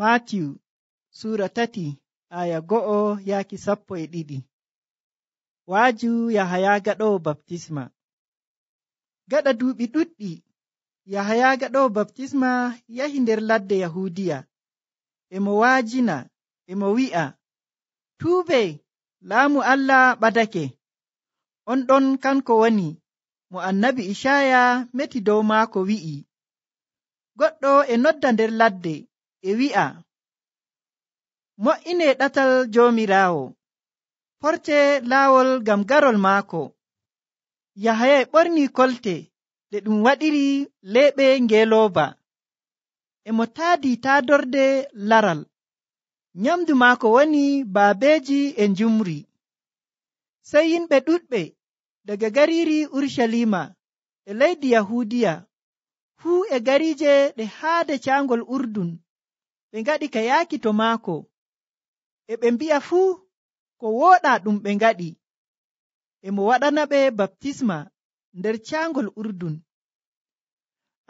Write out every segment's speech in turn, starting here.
matiw sura tati aya go'o yaki sappo e ɗiɗi waaju yahayaga ɗo baptisma gaɗa duuɓi ɗuɗɗi yahayaga ɗo baptisma yahi nder ladde yahudiya emo waajina emo wi'a tuube laamu allah ɓadake on ɗon kanko woni mo annabi ishaya meti dow maako wi'i goɗɗo e nodda nder ladde e wi'a mo'ine ɗatal joomiraawo porte laawol ngam garol maako yahayay ɓorni kolte ɗe ɗum waɗiri leeɓe ngelooba e mo taadi taadorde laral nyamdu maako woni baabeeji e njumri sey yimɓe ɗuɗɓe daga gariri urushalima e leydi yahudiya fuu e garije ɗe haade caangol urdun ɓe ngaɗi ka yaaki to maako e ɓe mbi'a fuu ko wooɗa ɗum ɓe ngaɗi e mo waɗana ɓe baptisma nder caangol urdun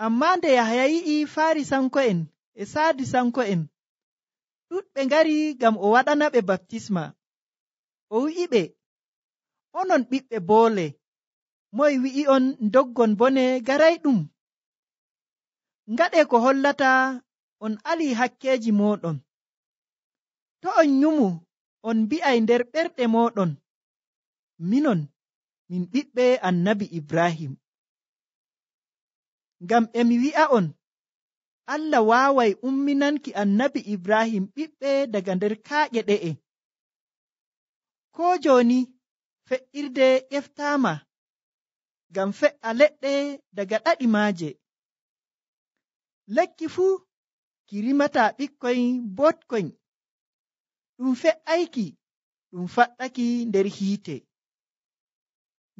amma nde yahya yi'i faari sanko'en e saadu sanko'en ɗuɗɓe ngari ngam o waɗana ɓe baptisma o wi'i ɓe onon ɓiɓɓe boole moy wi'i on doggon bone garayɗum ngaɗe ko hollata on ali hakkeji moɗon to on nyumu on mbi'ay nder ɓerɗe moɗon minon min ɓiɓɓe annabi ibrahim ngam emi wi'a on allah waaway umminanki annabi ibrahim ɓiɓɓe daga nder kaaƴe ɗe'e ko joni fe'irde ƴeftaama ngam fe'a leɗɗe daga ɗaɗi maaje lekki fuu ki rimata ɓikkoy botkoy ɗum fe'ayki ɗum faɗɗaki nder hiite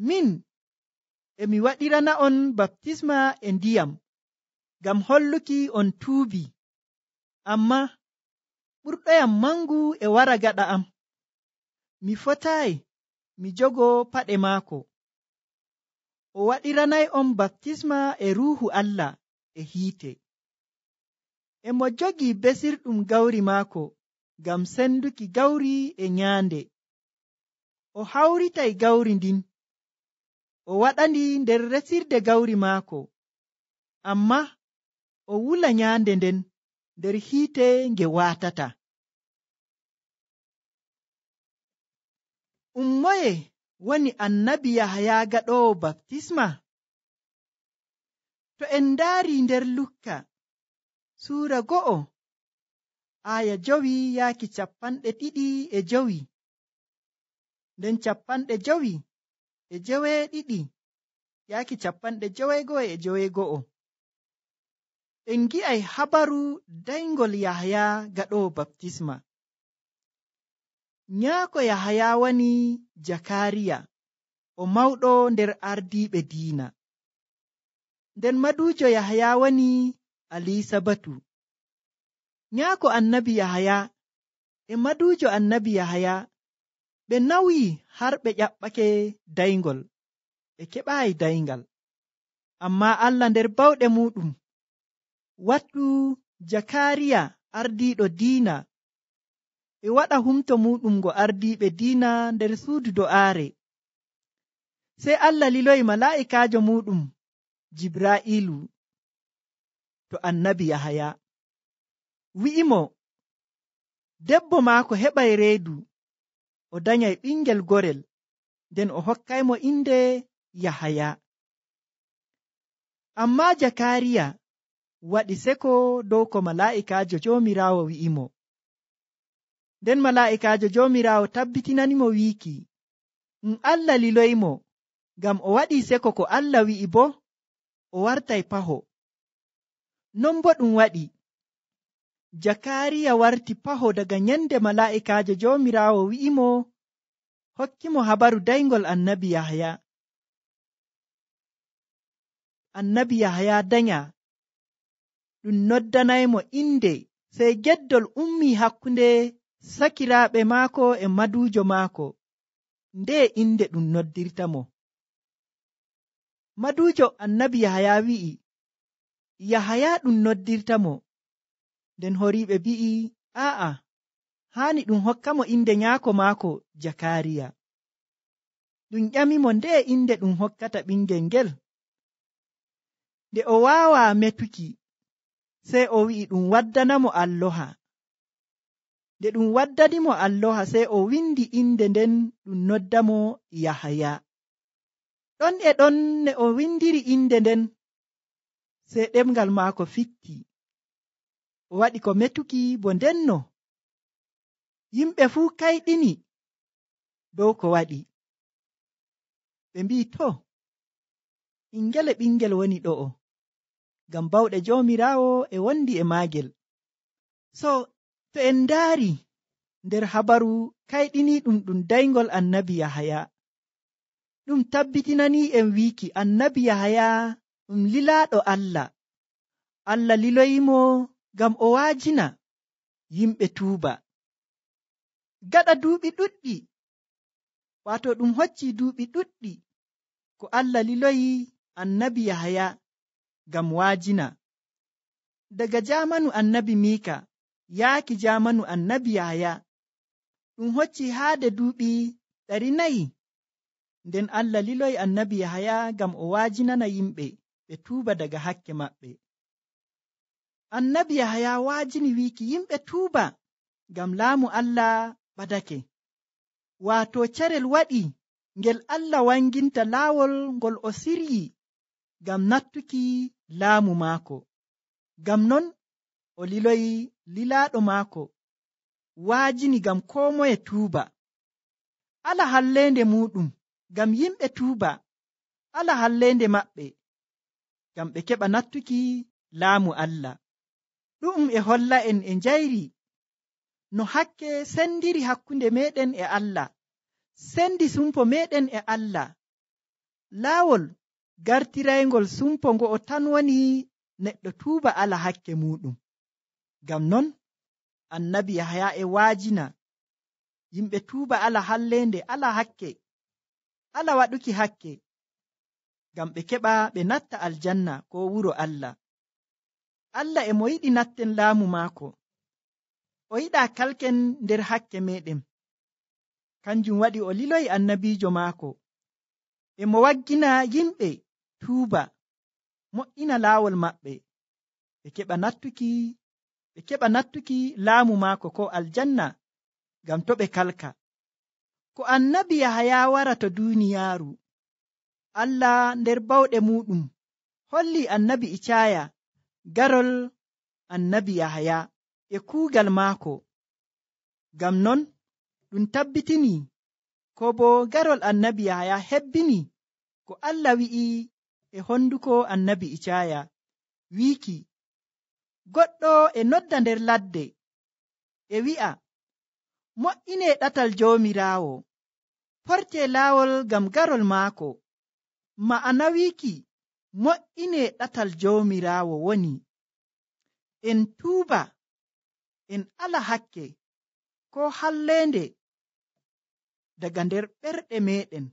min emi waɗirana on baptisma e ndiyam ngam holluki on tuubi amma ɓurɗoyam mangu e wara gaɗa am mi fotaay mi jogo paɗe maako o waɗiranay on baptisma e ruuhu allah e hiite e mo jogi besirɗum gawri maako ngam senduki gawri e nyaande o hawritay gawri ndin o waɗandi nder resirde gawri maako amma o wula nyaande nden nder hiite nge waatata ummoye woni annabi yahayaaga ɗoo baptisma to en ndaari nder lukka suura go'o aya jowi yaaki cappanɗe ɗiɗi e jowi nden cappanɗe jowi e jowee ɗiɗi yaaki cappanɗe jowego e jowego'o en gi'ay habaru daygol yahaya gaɗo baptisma nyaako yahaya wani jakariya o mawɗo nder ardiɓe diina nden madujo yahaya wani alisa batu nyako annabi yahaya e madujo annabi yahaya ɓe nawyi har ɓe ƴaɓɓake daygol ɓe keɓayi daygal amma allah nder bawɗe muɗum wattu jakariya ardiɗo diina e waɗa humto muɗum go ardiɓe diina nder suudu do'aare sey allah liloyi mala'ikajo muɗum jibra'ilu to annabi yahaya wi'imo debbo maako heɓay reedu o danyay ɓingel gorel nden o hokkaymo innde yahaya amma jakariya waɗi seko dow ko mala'ikaajo joomiraawo wi'imo nden mala'ikaajo joomiraawo tabbitinanimo wiiki n allah liloymo ngam o waɗi seko ko allah wi'i bo o wartay paho non bo ɗum waɗi jakariya warti paho daga nyande mala'ikaje jomirawo wi'imo hokkimo habaru daigol annabi yahya annabi yahya danya ɗum noddanaimo inde sei geddol ummi hakkunde sakiraɓe maako e madujo maako nde inde ɗum noddirtamo madujo annabi yahya wi'i yahaya ɗum noddirta mo nden horiɓe bi'i aa haani ɗum hokka mo inde nyaako maako jakariya ɗum ƴamimo nde inde ɗum hokkata ɓingel ngel nde o waawa metuki sey o wi'i ɗum waddanamo alloha nde ɗum waddanimo alloha sey o windi inde nden ɗum noddamo yahaya ɗon e ɗon ne o windiri inde nden sey ɗemgal maako fitti o waɗi ko metuki bo ndenno yimɓe fuu kayɗini dow ko waɗi ɓe mbi'i to ɓinngele ɓinngel woni ɗo o ngam bawɗe joomiraawo e wondi e maagel so to en ndaari nder habaru kayɗinii ɗum ɗum daygol annabi yahaya ɗum tabbitinanii en wi'ki annabi yahaya ɗum lilaɗo allah allah liloyimo ngam o waajina yimɓe tuuba gaɗa duuɓi ɗuɗɗi waato ɗum hocci duuɓi ɗuɗɗi ko allah liloyi annabi yahaya ngam waajina daga jaamanu annabi miika yaaki jaamanu annabi yahaya ɗum hocci haade duuɓi ɗari nayi nden allah liloyi annabi yahaya ngam o waajinana yimɓe ɓe tuuba daga hakke maɓɓe annabi yahaya waajini wiiki yimɓe tuuba ngam laamu allah ɓadake waato cerel waɗi ngel allah wanginta laawol ngol o siryi ngam nattuki laamu maako ngam non o liloyi lilaaɗo maako waajini ngam koo moye tuuba ala halleende muuɗum ngam yimɓe tuuba ala halleende maɓɓe ngam ɓe keɓa nattuki laamu allah ɗum e holla en e njayri no hakke sendiri hakkunde meɗen e allah sendi sumpo meɗen e allah laawol gartiraygol sumpo ngo o tan woni neɗɗo tuuba ala hakke muɗum ngam non annabi yahaya e waajina yimɓe tuuba ala hallende ala hakke ala waɗuki hakke ngam ɓe keɓa ɓe natta aljanna ko wuro allah allah e mo yiɗi natten laamu maako o yiɗa kalken nder hakke meɗen kanjum waɗi o liloyi annabiijo maako e mo waggina yimɓe tuuba moƴƴina laawol maɓɓe ɓe keɓa nattuki ɓe keɓa nattuki laamu maako ko aljanna ngam to ɓe kalka ko annabi yahaya wara to duuniyaaru allah nder bawɗe muɗum holli annabi icaya garol annabi yahaya e kuugal maako ngam non ɗum tabbitini ko bo garol annabi yahaya hebbini ko allah wi'i e honduko annabi icaya wiiki goɗɗo e nodda nder ladde e wi'a mo'inee ɗatal joomiraawo porte laawol ngam garol maako ma'anawiki mo'ine ɗatal jawmirawo woni en tuuba en ala hakke ko halleende daga nder ɓerɗe meɗen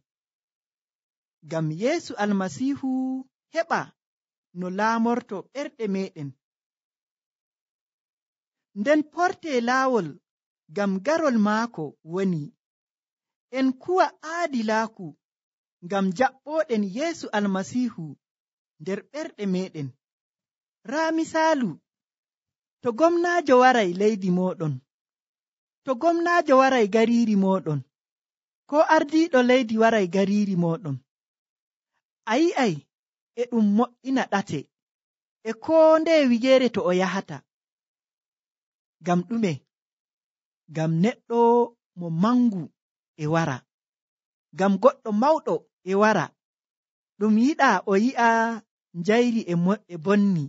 ngam yeesu almasihu heɓa no laamorto ɓerɗe meɗen nden porte laawol ngam garol maako woni en kuwa aadilaaku ngam jaɓɓoɗen yeesu almasihu nder ɓerɗe meɗen raamisaalu to gomnaajo waray leydi moɗon to gomnaajo waray gariiri moɗon ko ardiiɗo leydi waray gariiri moɗon a yi'ay e ɗum moƴƴina ɗate e koo nde wiyeere to o yahata ngam ɗume ngam neɗɗo mo mangu e wara ngam goɗɗo mawɗo e wara ɗum yiɗa o yi'a njayri e, e bonni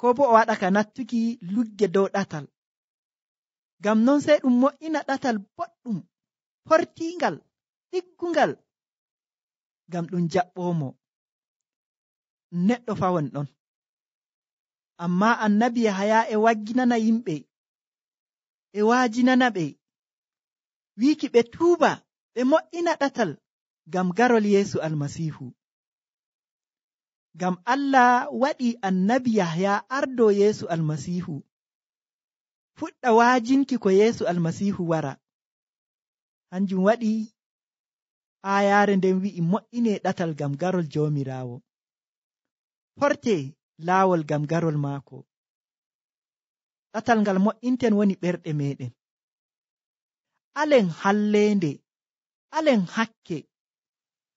ko bo o waɗaka nattuki lugge dow ɗatal ngam non sey ɗum mo'ina ɗatal boɗɗum portingal ɗiggungal ngam ɗum jaɓɓomo neɗɗo fawon ɗon amma annabiya haya e wagginana yimɓe e waajinana ɓe wiiki ɓe tuuba ɓe mo'ina ɗatal gam garol yeesu almasihu gam allah waɗi annabi yahya ardo yeesu almasihu fuɗɗa waajinki ko yeesu almasihu wara hanjum waɗi ayaare nden wi'i mo'inee ɗatal gam garol joomiraawo porte laawol gam garol maako ɗatal ngal mo'inten woni ɓerɗe meɗen alen halleende alen hakke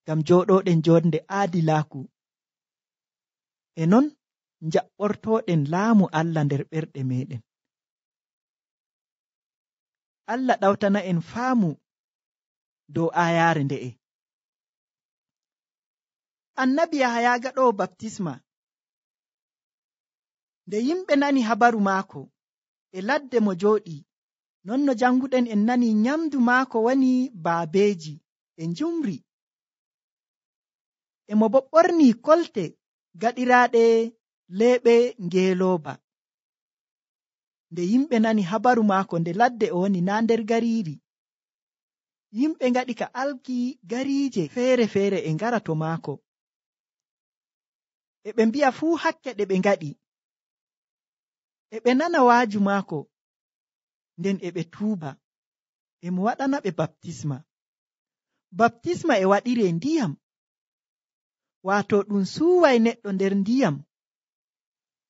ngam joɗoɗen joɗde aadilaaku e non jaɓɓortoɗen laamu allah nder ɓerɗe meɗen allah ɗawtana en faamu dow ayaare nde'e annabi yahayaga ɗo baptisma nde yimɓe nani habaru maako e ladde mo joɗi non no janguɗen en nani nyamdu maako wani baabeeji e njumri emo bo ɓorni kolte gaɗiraaɗe leeɓe ngeelooba nde yimɓe nani habaru maako nde ladde o woni naa nder gariiri yimɓe ngaɗi ka algi gariije feere feere e ngara to maako e ɓe mbi'a fuu hakke ɗe ɓe ngaɗi e ɓe nana waaju maako nden e ɓe tuuba emo waɗana ɓe baptisma baptisma e waɗire ndiyam wato ɗum suway neɗɗo nder ndiyam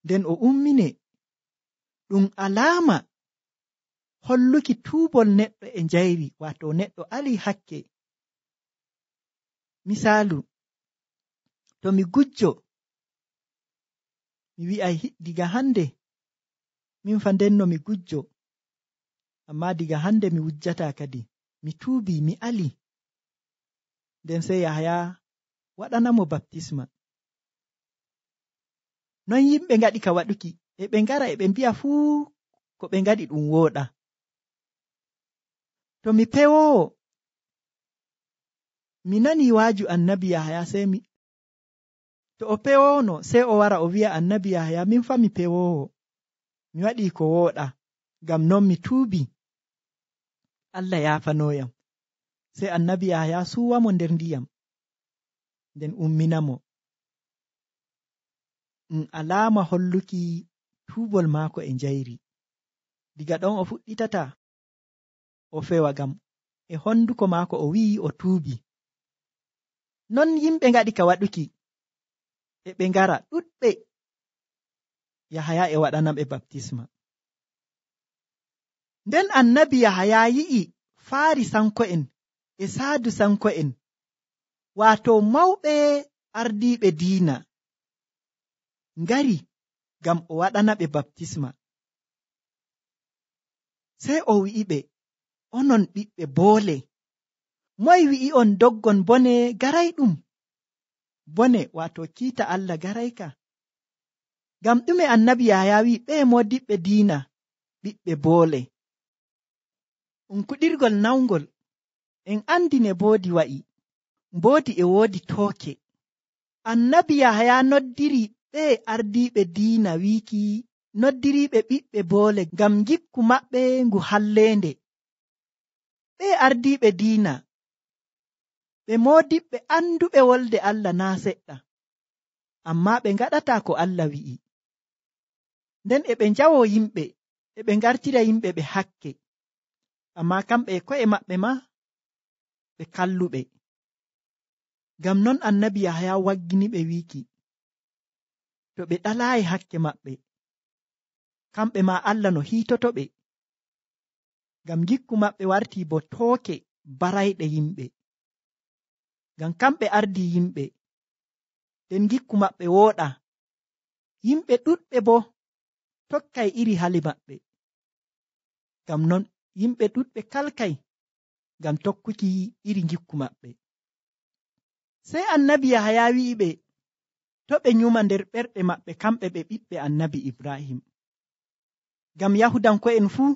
nden o ummine ɗum alama holluki tubol neɗɗo e njayri wato neɗɗo ali hakke misalu to mi gujjo mi wi'ay diga hande min fa ndenno mi gujjo amma diga hande mi wujjata kadi mi tuubi mi ali nden sei yahya waɗanamo baptisma non yimɓe ngaɗi ka waɗuki e ɓe ngara e ɓe mbi'a fuu ko ɓe ngaɗi ɗum wooɗa to mi pewowo mi nani waaju annabi yahya sey mi to o pewono sey o wara o wi'a annabi yahya min fa mi pewowo mi waɗi ko wooɗa ngam non mi tuubi allah yafanoyam sey annabi yahya suwamo nder ndiyam nden umminamo um alama holluki tubol maako e jayri diga ɗon o fuɗɗitata o fewa gam e honduko maako o wi'i o tuubi non yimɓe ngaɗi ka waɗuki e ɓe ngara ɗuɗɓe yahaya e waɗanam e baptisma nden annabi yahaya yi'i faari sanko'en e saadu sanko'en wato mawɓe ardiɓe diina ngari ngam o waɗana ɓe baptisma sey o wi'i ɓe onon ɓiɓɓe boole moy wi'i on doggon bone garay ɗum bone wato kiita allah garayka ngam ɗume annabi yaya wi ɓe modiɓɓe diina ɓiɓɓe boole ɗum kuɗirgol nawgol en andine boodi wa'i mboodi e woodi tooke annabi yahaya noddiri ɓe ardiiɓe diina wiiki noddiriiɓe ɓiɓɓe boole ngam gikku maɓɓe ngu halleende ɓe ardiiɓe diina ɓe moodiɓɓe annduɓe wolde allah naa seɗɗa amma ɓe ngaɗata ko allah wi'i nden e ɓe njawo yimɓe e ɓe ngartira yimɓe ɓe hakke amma kamɓe e ko'e maɓɓe ma ɓe kalluɓe ngam non annabi yahaya waggini ɓe wiki to ɓe ɗalayi hakke maɓɓe kamɓe ma allah no hitoto ɓe ngam gikku maɓɓe warti bo tooke barayɗe yimɓe ngam kamɓe ardi yimɓe nden gikku maɓɓe wooɗa yimɓe ɗuɗɓe bo tokkay iri hali maɓɓe ngam non yimɓe ɗuɗɓe kalkay ngam tokkuki iri gikku maɓɓe sey annabi yahaya wi'iɓe to ɓe nyuma nder ɓerɗe maɓɓe kamɓe ɓe ɓiɓɓe annabi ibrahim ngam yahudanko'en fuu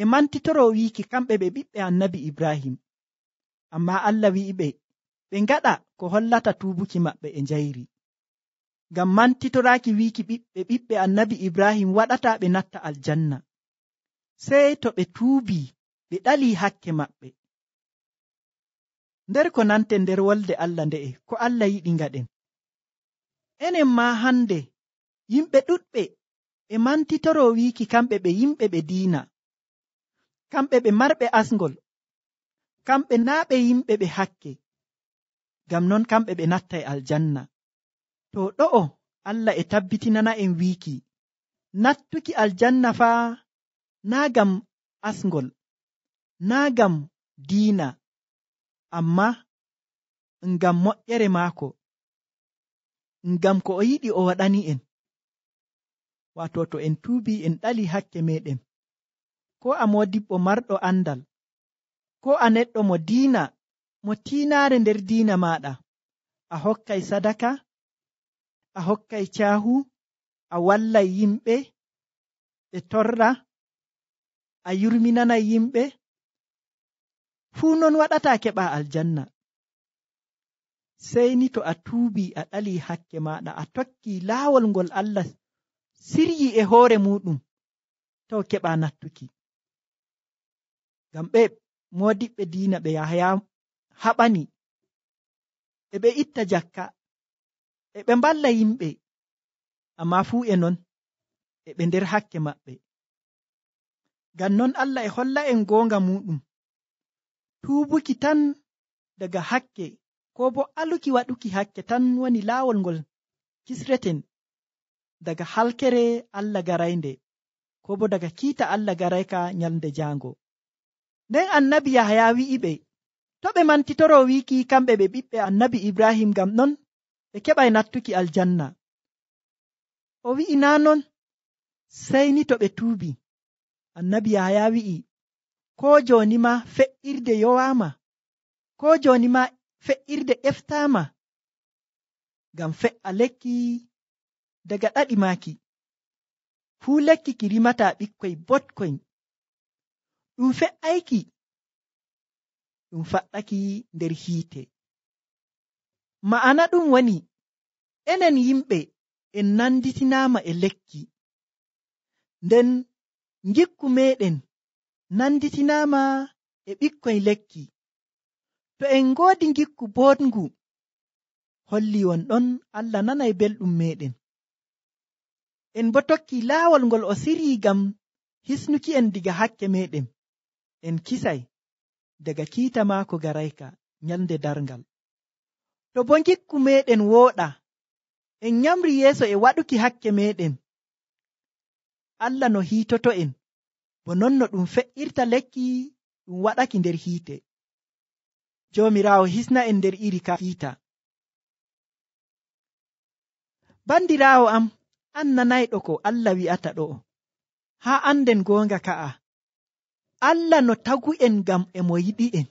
e mantitoro wiiki kamɓe ɓe ɓiɓɓe annabi ibrahim amma allah wi'iɓe ɓe ngaɗa ko hollata tubuki maɓɓe e njayri ngam mantitoraaki wiiki ɓiɓɓe ɓiɓɓe annabi ibrahim waɗata ɓe natta aljanna sey to ɓe tuubi ɓe ɗalii hakke maɓɓe nder ko nante nder wolde allah nde'e ko allah yiɗi ngaɗen enen ma hande yimɓe ɗuɗɓe e mantitoro wiki kamɓe ɓe yimɓe ɓe diina kamɓe ɓe marɓe asgol kamɓe naa ɓe yimɓe ɓe hakke ngam non kamɓe ɓe natta e aljanna to ɗo'o allah e tabbitinana en wiki nattuki aljanna faa naa gam asgol naa gam diina amma ngam moƴƴere maako ngam ko o yiɗi o waɗani en wato to en tuubi en ɗali hakke meɗen ko a modibbo marɗo andal ko a neɗɗo mo diina mo tiinaare nder diina maɗa a hokkay sadaka a hokkay caahu a wallay yimɓe ɓe torra a yurminanay yimɓe fuu non waɗata keɓa aljanna sei ni to a tuubi a ɗali hakke maɗa a tokki laawol ngol allah sirji e hoore muɗum taw keɓa nattuki ngam ɓe modiɓɓe diina ɓe yahya haɓani eɓe itta jakka eɓe mballa yimɓe amma fuu e non eɓe nder hakke maɓɓe ngam non allah e holla en gonga muɗum tuubuki tan daga hakke ko bo aluki waɗuki hakke tan woni laawol ngol kisreten daga halkere allah garaynde ko bo daga kiita allah garayka nyalnde jaango nden annabi yahaya wi'iɓe to ɓe mantitoro wiki kamɓe ɓe ɓiɓɓe annabi ibrahim ngam non ɓe keɓay nattuki aljanna o wi'i na non sei ni to ɓe tuubi annabi yahaya wi'i ko joni ma fe'irde yowama ko joni ma fe'irde eftama ngam fe'a lekki daga ɗaɗi maki fuu lekki ki rimata ɓikkoy botkoy ɗum fe'aiki ɗum faɗɗaki nder hiite ma'ana ɗum woni enen yimɓe en nanditinama e lekki nden gikku meɗen nanditinama e ɓikkoy lekki to en ngoodi gikku boodngu holli won ɗon allah nanay belɗum meɗen en bo tokki laawol ngol o siri gam hisnuki en diga hakke meɗen en kisay daga kiita maako garayka nyalde darngal to bo gikku meɗen wooɗa en nyamri yeeso e waɗuki hakke meɗen allah no hiitoto en bo nonno ɗum fe'irta lekki ɗum waɗaki nder hiite jomirawo hisna en nder iri ka hiita bandirawo am an nanayɗo ko allah wi'ata ɗo haa anden gonga ka'a allah no tagu en ngam emo yiɗi en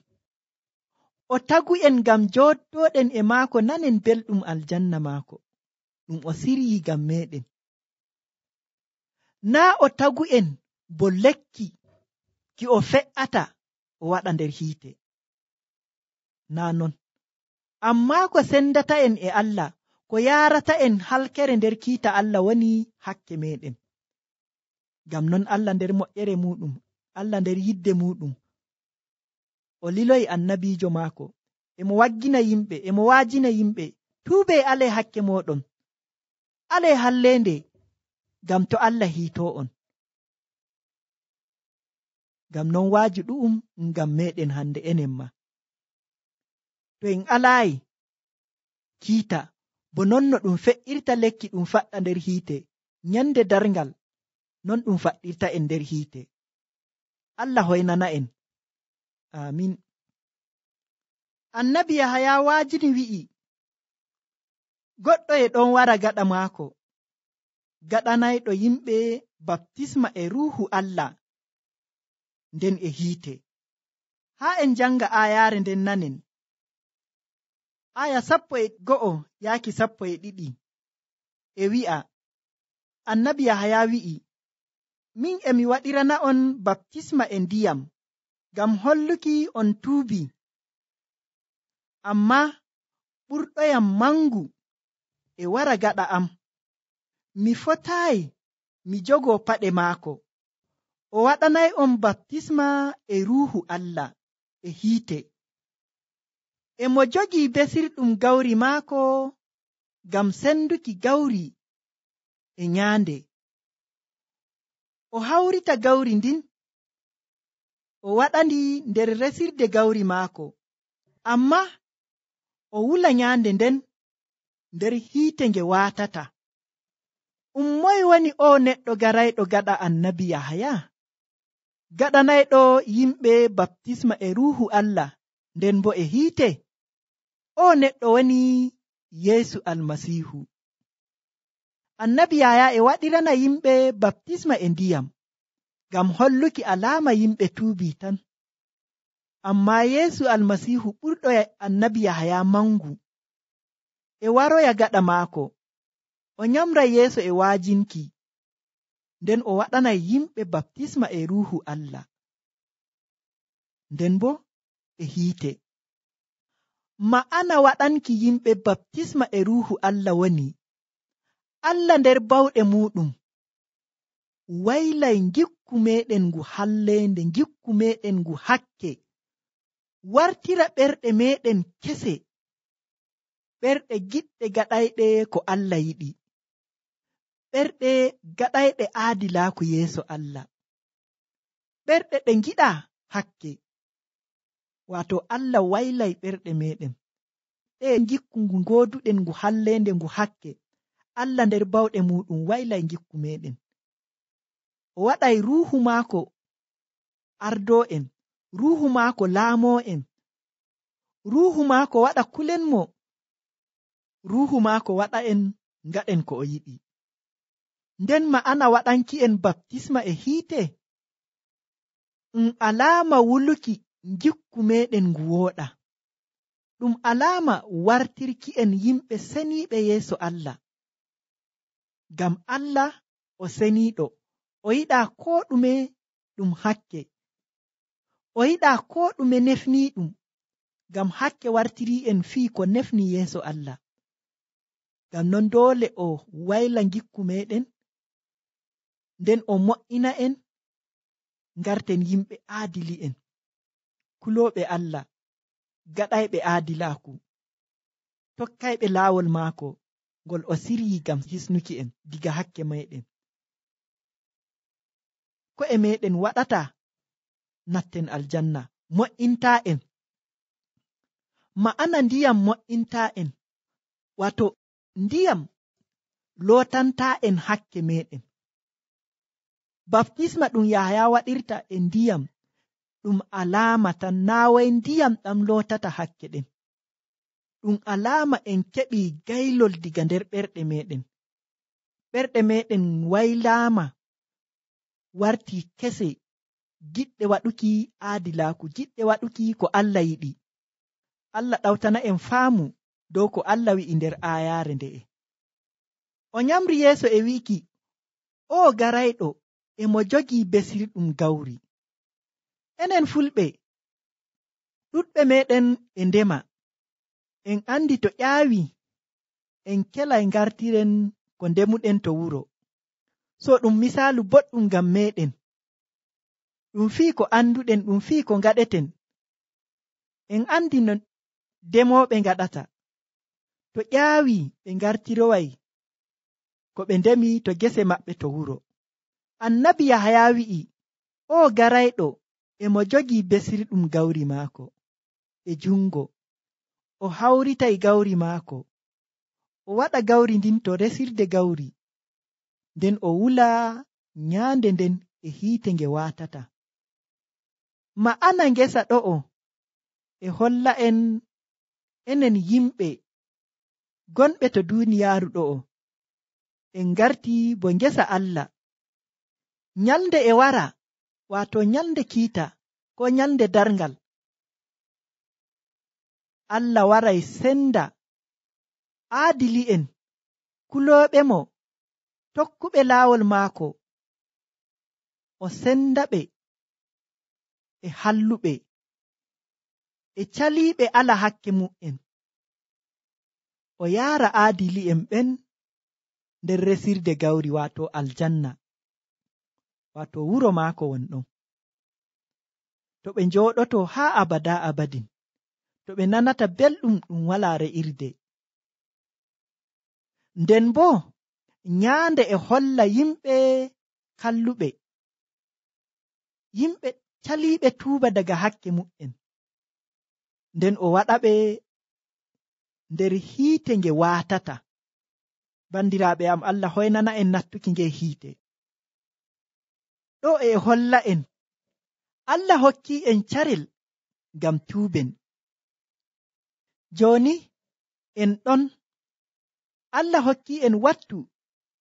o tagu en ngam joɗɗoɗen e maako nanen belɗum aljanna maako ɗum o siryi ngam meɗen naa o tagu en bo lekki ki o fe'ata o waɗa nder hiite na non amma ko sendata en e allah ko yarata en halkere nder kiita allah woni hakke meɗen ngam non allah nder moƴƴere muɗum allah nder yidde muɗum o liloyi annabijo maako emo waggina yimɓe emo waajina yimɓe tuube ale hakke moɗon ale hallende ngam to allah hiito on ngam non waaji ɗu'um ngam meɗen hannde enen ma to en alaayi kiita bo non no ɗum fe'irta lekki ɗum faɗɗa nder hiite nyannde darngal non ɗum faɗɗirta en nder hiite allah hoynana en amin annabi yahaya waajini wi'i goɗɗo e ɗon wara gaɗa maako gaɗanayɗo yimɓe baptisma e ruuhu allah nden e hiite haa en janga ayaare nden nanen aya sappo e go'o yaaki sappo e ɗiɗi e wi'a annabi yahaya wi'i min emi waɗirana on baptisma e ndiyam ngam holluki on tuubi amma ɓurɗoyam mangu e wara gaɗa am mi fotaayi mi jogo paɗe maako o waɗanay on baptisma e ruhu allah e hiite e mo jogii besirɗum gawri maako ngam sennduki gawri e nyaande o hawrita gawri ndin o waɗandi nder resirde gawri maako amma o wula nyaande nden nder hiite nge waatata ummoy woni o neɗɗo garayɗo gaɗa annabi yahaya gaɗanayɗo yimɓe baptisma e ruhu allah nden bo e hiite o neɗɗo woni yeesu almasihu annabi yaya e waɗirana yimɓe baptisma e ndiyam ngam holluki alaama yimɓe tuubi tan amma yeesu almasihu ɓurɗo annabi yahaya mangu e waroya gaɗa maako o nyamra yeeso e waajinki nden o waɗanay yimɓe baptisma e ruhu allah nden bo e hiite ma'ana waɗanki yimɓe baptisma e ruhu allah woni allah nder bawɗe muɗum waylay gikku meɗen ngu halleende gikku meɗen ngu hakke wartira ɓerɗe meɗen kese ɓerɗe giɗɗe gaɗayɗe ko allah yiɗi ɓerɗe gaɗayɗe aadilaako yeeso allah ɓerɗe ɗe giɗa hakke wato allah waylay ɓerɗe meɗen ɗe gikku ngu ngoduɗen ngu hallende ngu hakke allah nder bawɗe muɗum waylay gikku meɗen o waɗay ruhu maako ardo en ruhu maako laamo en ruhu maako waɗa kulen mo ruhu maako waɗa en ngaɗen ko o yiɗi nden ma ana waɗanki en baptisma e hiite ɗum alaama wuluki gikku meɗen ngu woɗa ɗum alaama wartirki en yimɓe seniiɓe yeeso allah ngam allah o seniiɗo o yiɗa ko ɗume ɗum hakke o yiɗa ko ɗume nefnii ɗum ngam hakke wartiri en fii ko nefni yeeso allah ngam non doole o wayla gikku meɗen nden o mo'ina en ngarten yimɓe aadili en kulooɓe allah gaɗayɓe aadilaaku tokkayɓe laawol maako ngol o sirii gam hisnuki en diga hakke meɗen ko e meɗen waɗata natten aljanna mo'inta en ma ana ndiyam mo'inta en wato ndiyam lootanta en hakke meɗen baptisma ɗum yahaya waɗirta e ndiyam ɗum alama tan nawai ndiyam ɗam lotata hakke ɗen ɗum alama en keɓi gaylol diga nder ɓerɗe meɗen ɓerɗe meɗen waylama warti kese giɗɗe waɗuki aadilaku giɗɗe waɗuki ko allah yiɗi allah ɗawtana en faamu dow ko allah wi'i nder ayare nde'e o nyamri yeeso e wi'iki o garayɗo emo jogii besirɗum gawri enen fulɓe ɗuɗɓe meɗen e ndema en andi to ƴaawi en kelay ngartiren ko ndemuɗen to wuro so ɗum misaalu boɗɗum ngam meɗen ɗum fii ko anduɗen ɗum fii ko ngaɗeten en andi no ndemoɓe ngaɗata to ƴaawi ɓe ngartirowayi ko ɓe ndemi to gese maɓɓe to wuro annabi yahaya wi'i o garayɗo emo jogi besirɗum gawri maako e jungo o hawritay gawri maako o waɗa gawri ndin to resirde gawri nden o wula nyaande nden e hiite nge waatata ma ana ngesa ɗo'o e holla en enen yimɓe gonɓe to duuniyaaru ɗo'o en ngarti bo ngesa allah nyalde e wara wato nyalde kiita ko nyalde dargal allah warai senda aadili'en kulooɓe mo tokkuɓe laawol maako o sendaɓe e halluɓe e caliɓe ala hakke mu'en o yaara aadili'en ɓen nder resirde gawri wato aljanna wato wuro maako wonɗon to ɓe njooɗoto haa abada abadin to ɓe nanata belɗum ɗum walaare irde nden bo nyaande e holla yimɓe kalluɓe yimɓe caliiɓe tuuba daga hakke mu'en nden o waɗa ɓe nder hiite nge waatata bandiraaɓe am allah hoynana en nattuki nge hiite ɗo e holla en allah hokki en carel ngam tuuben joni en ɗon allah hokki en wattu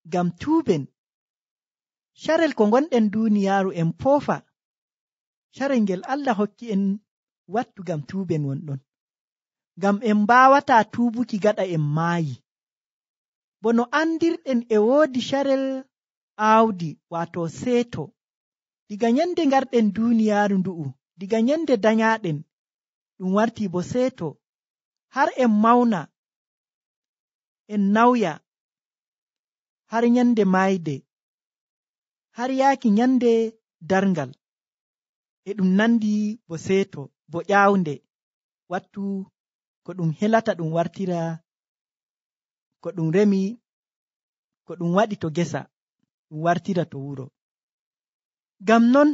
ngam tuuben sharel ko gonɗen duniyaaru en poofa sharel ngel allah hokki en wattu ngam tuuben wonɗon ngam en mbaawata tuubuki gaɗa en maayi bo no andirɗen e woodi sharel aawdi waato seeto diga nyande ngarɗen duniyaaru ndu'u diga nyande danyaɗen ɗum warti bo seeto har en mawna en nawya har nyande maayde har yaaki nyande darngal e ɗum nandi bo seeto bo ƴaawnde wattu ko ɗum helata ɗum wartira ko ɗum remi ko ɗum waɗi to gesa ɗum wartira to wuro gam non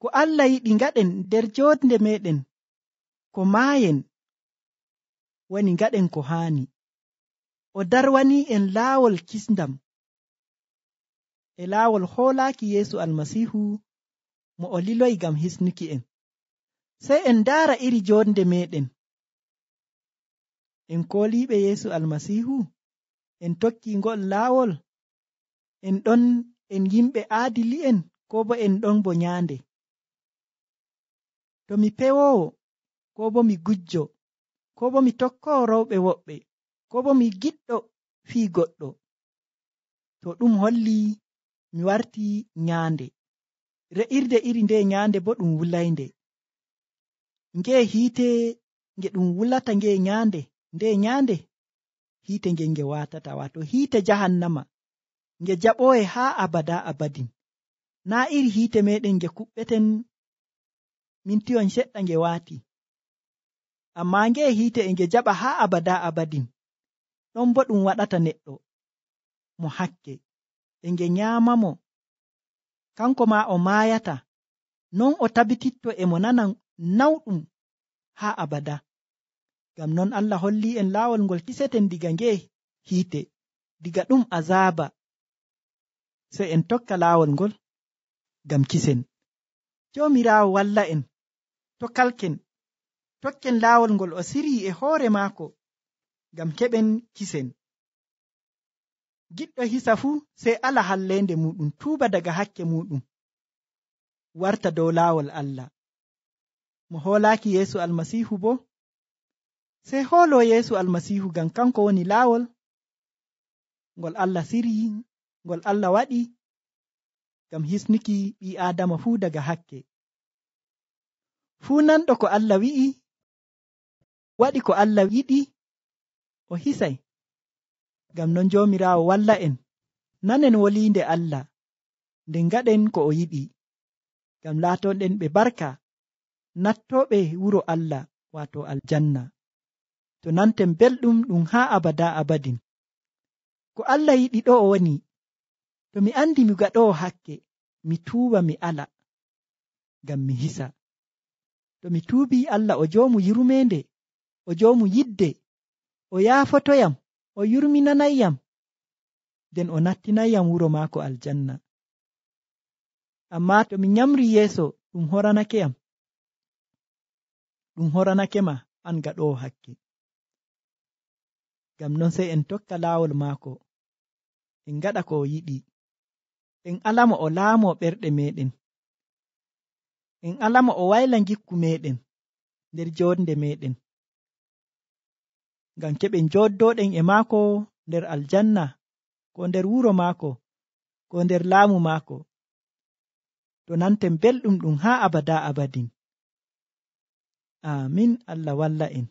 ko allah yiɗi ngaɗen nder jotnde meɗen ko maayen woni ngaɗen ko haani o darwani en laawol kisdam e laawol hoolaaki yeesu almasiihu mo o liloy gam hisnuki en sey en ndaara iri jotnde meɗen en kooliiɓe yeesu almasiihu en tokki ngol laawol en ɗon en yimɓe aadili'en ko bo en ɗon bo nyaande to mi pewowo ko bo mi gujjo ko bo mi tokkowo rowɓe woɓɓe ko bo mi giɗɗo fii goɗɗo to ɗum holli mi warti nyaande re'irde iri nde nyaande bo ɗum wulaynde nge hiite nge ɗum wulata nge nyaande nde nyaande hiite ngel nge watata wato hiite jahannama nge jaɓoye haa abada abadin na iri hiite meɗen nge kuɓɓeten mintiyon seɗɗa nge waati amma nge hiite e nge jaɓa haa abada abadin ɗon bo ɗum waɗata neɗɗo mo hakke e nge nyaamamo kanko ma o maayata non o tabititto e mo nana nawɗum haa abada ngam non allah holli en laawol ngol kiseten diga nge hiite diga ɗum azaaba sey en tokka laawol ngol ngam kisen jomirawo walla en tokalken tokken laawol ngol o siri e hoore maako ngam keɓen kisen giɗɗo hisa fuu sey ala hallende muɗum tuuba daga hakke muɗum warta dow laawol allah mo hoolaaki yeesu almasiihu bo sey hoolo yeesu almasiihu ngam kanko woni laawol ngol allah siriyi ngol allah waɗi ngam hisniki ɓi adama fuu daga hakke fuu nanɗo ko allah wi'i waɗi ko allah yiɗi o hisay ngam non joomiraawo walla en nanen woliinde allah nde ngaɗen ko o yiɗi ngam laatonɗen ɓe barka nattooɓe wuro allah waato aljanna to nanten belɗum ɗum haa abada abadin ko allah yiɗi ɗo o woni to mi andi mi gaɗowo hakke mi tuuba mi ala ngam mi hisa to mi tuubi allah o jomu yurmende o jomu yidde o yaafotoyam o yurminanayyam nden o nattinayyam wuro maako aljanna amma to mi nyamri yeeso ɗum horanake yam ɗum horanake ma an gaɗowo hakke ngam non sey en tokka laawol maako en gaɗa ko o yiɗi en alama o laamo ɓerɗe meɗen en alama o wayla gikku meɗen nder joɗde meɗen ngam keɓen joddoɗen e maako nder aljanna ko nder wuro maako ko nder laamu maako to nanten belɗum ɗum haa abada abadin amin allah walla en